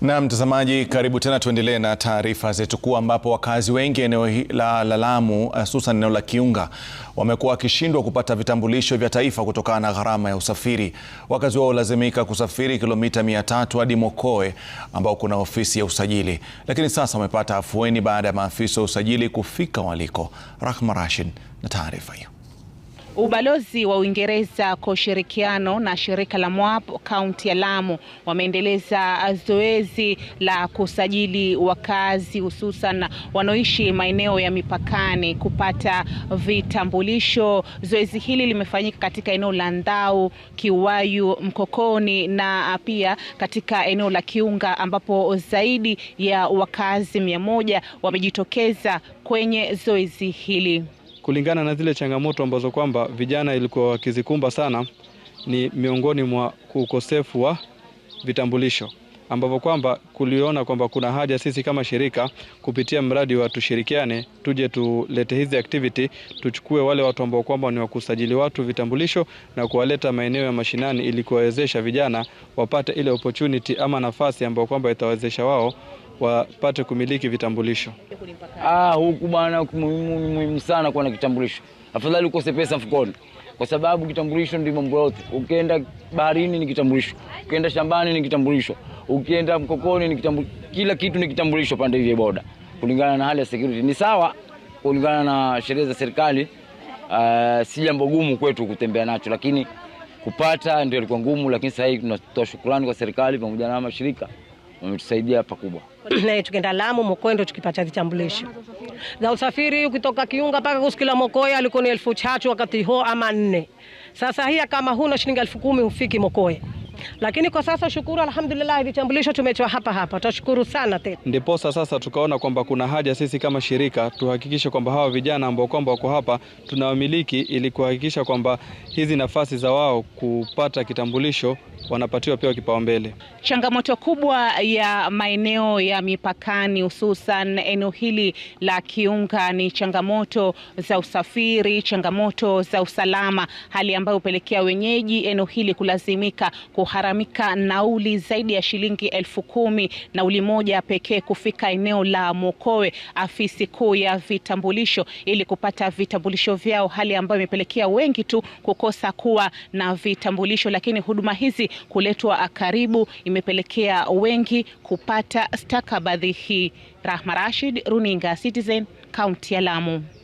Na mtazamaji, karibu tena, tuendelee na taarifa zetu kuu, ambapo wakazi wengi eneo la Lamu hususan eneo la Kiunga wamekuwa wakishindwa kupata vitambulisho vya taifa kutokana na gharama ya usafiri. Wakazi wao hulazimika kusafiri kilomita mia tatu hadi Mokoe ambao kuna ofisi ya usajili, lakini sasa wamepata afueni baada ya maafisa wa usajili kufika waliko. Rahma Rashid na taarifa hiyo. Ubalozi wa Uingereza kwa ushirikiano na shirika la MWAP kaunti ya Lamu wameendeleza zoezi la kusajili wakazi hususan wanaoishi maeneo ya mipakani kupata vitambulisho. Zoezi hili limefanyika katika eneo la Ndau, Kiwayu, Mkokoni na pia katika eneo la Kiunga ambapo zaidi ya wakazi mia moja wamejitokeza kwenye zoezi hili kulingana na zile changamoto ambazo kwamba vijana ilikuwa wakizikumba sana ni miongoni mwa ukosefu wa vitambulisho ambavyo kwamba kuliona kwamba kuna haja sisi kama shirika kupitia mradi wa Tushirikiane tuje tulete hizi activity, tuchukue wale watu ambao kwamba ni wakusajili watu vitambulisho na kuwaleta maeneo ya mashinani ili kuwawezesha vijana wapate ile opportunity ama nafasi ambayo kwamba itawezesha wao wapate kumiliki vitambulisho. Ah, huku bwana muhimu muhimu sana kuwa na kitambulisho, afadhali ukose pesa mfukoni, kwa sababu kitambulisho ndio mambo yote. Ukienda baharini ni kitambulisho, ukienda shambani ni kitambulisho, ukienda mkokoni ni kitambulisho, kila kitu ni kitambulisho pande hivi boda, kulingana na hali ya security. Ni sawa kulingana na sheria za serikali. Uh, si jambo gumu kwetu kutembea nacho, lakini kupata ndio ilikuwa ngumu, lakini sasa hivi tunatoa shukrani kwa serikali pamoja na mashirika wametusaidia pakubwa. Na tukienda Lamu Mokoendo tukipata vitambulisho za usafiri, ukitoka Kiunga mpaka kusikila Mokoe alikuwa ni elfu chachu wakati huo ama nne. Sasa hiya kama huna shilingi elfu kumi hufiki Mokoya lakini kwa sasa shukuru, alhamdulillah, vitambulisho tumechwa hapa hapa, tashukuru sana tena. Ndiposa sasa tukaona kwamba kuna haja sisi kama shirika tuhakikishe kwamba hawa vijana ambao kwamba wako hapa tunawamiliki, ili kuhakikisha kwamba hizi nafasi za wao kupata kitambulisho wanapatiwa pia kipaumbele. Changamoto kubwa ya maeneo ya mipakani, hususan eneo hili la Kiunga, ni changamoto za usafiri, changamoto za usalama, hali ambayo hupelekea wenyeji eneo hili kulazimika kuhu kuharamika nauli zaidi ya shilingi elfu kumi nauli moja pekee kufika eneo la Mokowe, afisi kuu ya vitambulisho, ili kupata vitambulisho vyao, hali ambayo imepelekea wengi tu kukosa kuwa na vitambulisho. Lakini huduma hizi kuletwa karibu imepelekea wengi kupata stakabadhi hii. Rahma Rashid, runinga Citizen, kaunti ya Lamu.